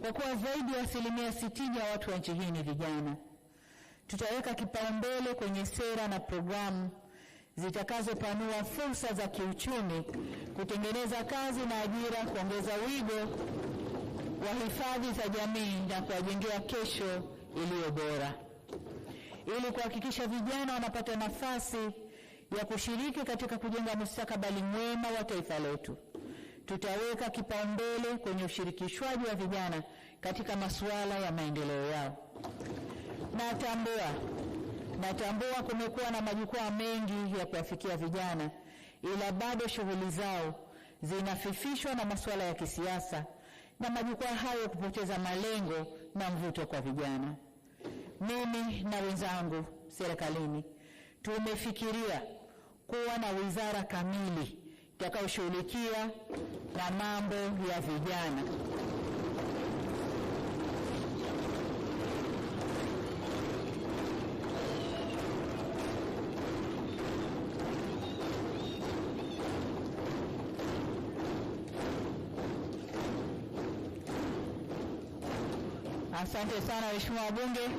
Kwa kuwa zaidi ya asilimia sitini ya watu wa nchi hii ni vijana, tutaweka kipaumbele kwenye sera na programu zitakazopanua fursa za kiuchumi, kutengeneza kazi na ajira, kuongeza wigo wa hifadhi za jamii na kuwajengea kesho iliyo bora, ili kuhakikisha vijana wanapata nafasi ya kushiriki katika kujenga mustakabali mwema wa taifa letu tutaweka kipaumbele kwenye ushirikishwaji wa vijana katika masuala ya maendeleo yao. Natambua, natambua kumekuwa na majukwaa mengi ya kuwafikia vijana, ila bado shughuli zao zinafifishwa na masuala ya kisiasa na majukwaa hayo kupoteza malengo na mvuto kwa vijana. Mimi na wenzangu serikalini tumefikiria kuwa na wizara kamili yatakayoshughulikia na mambo ya vijana. Asante sana waheshimiwa wabunge.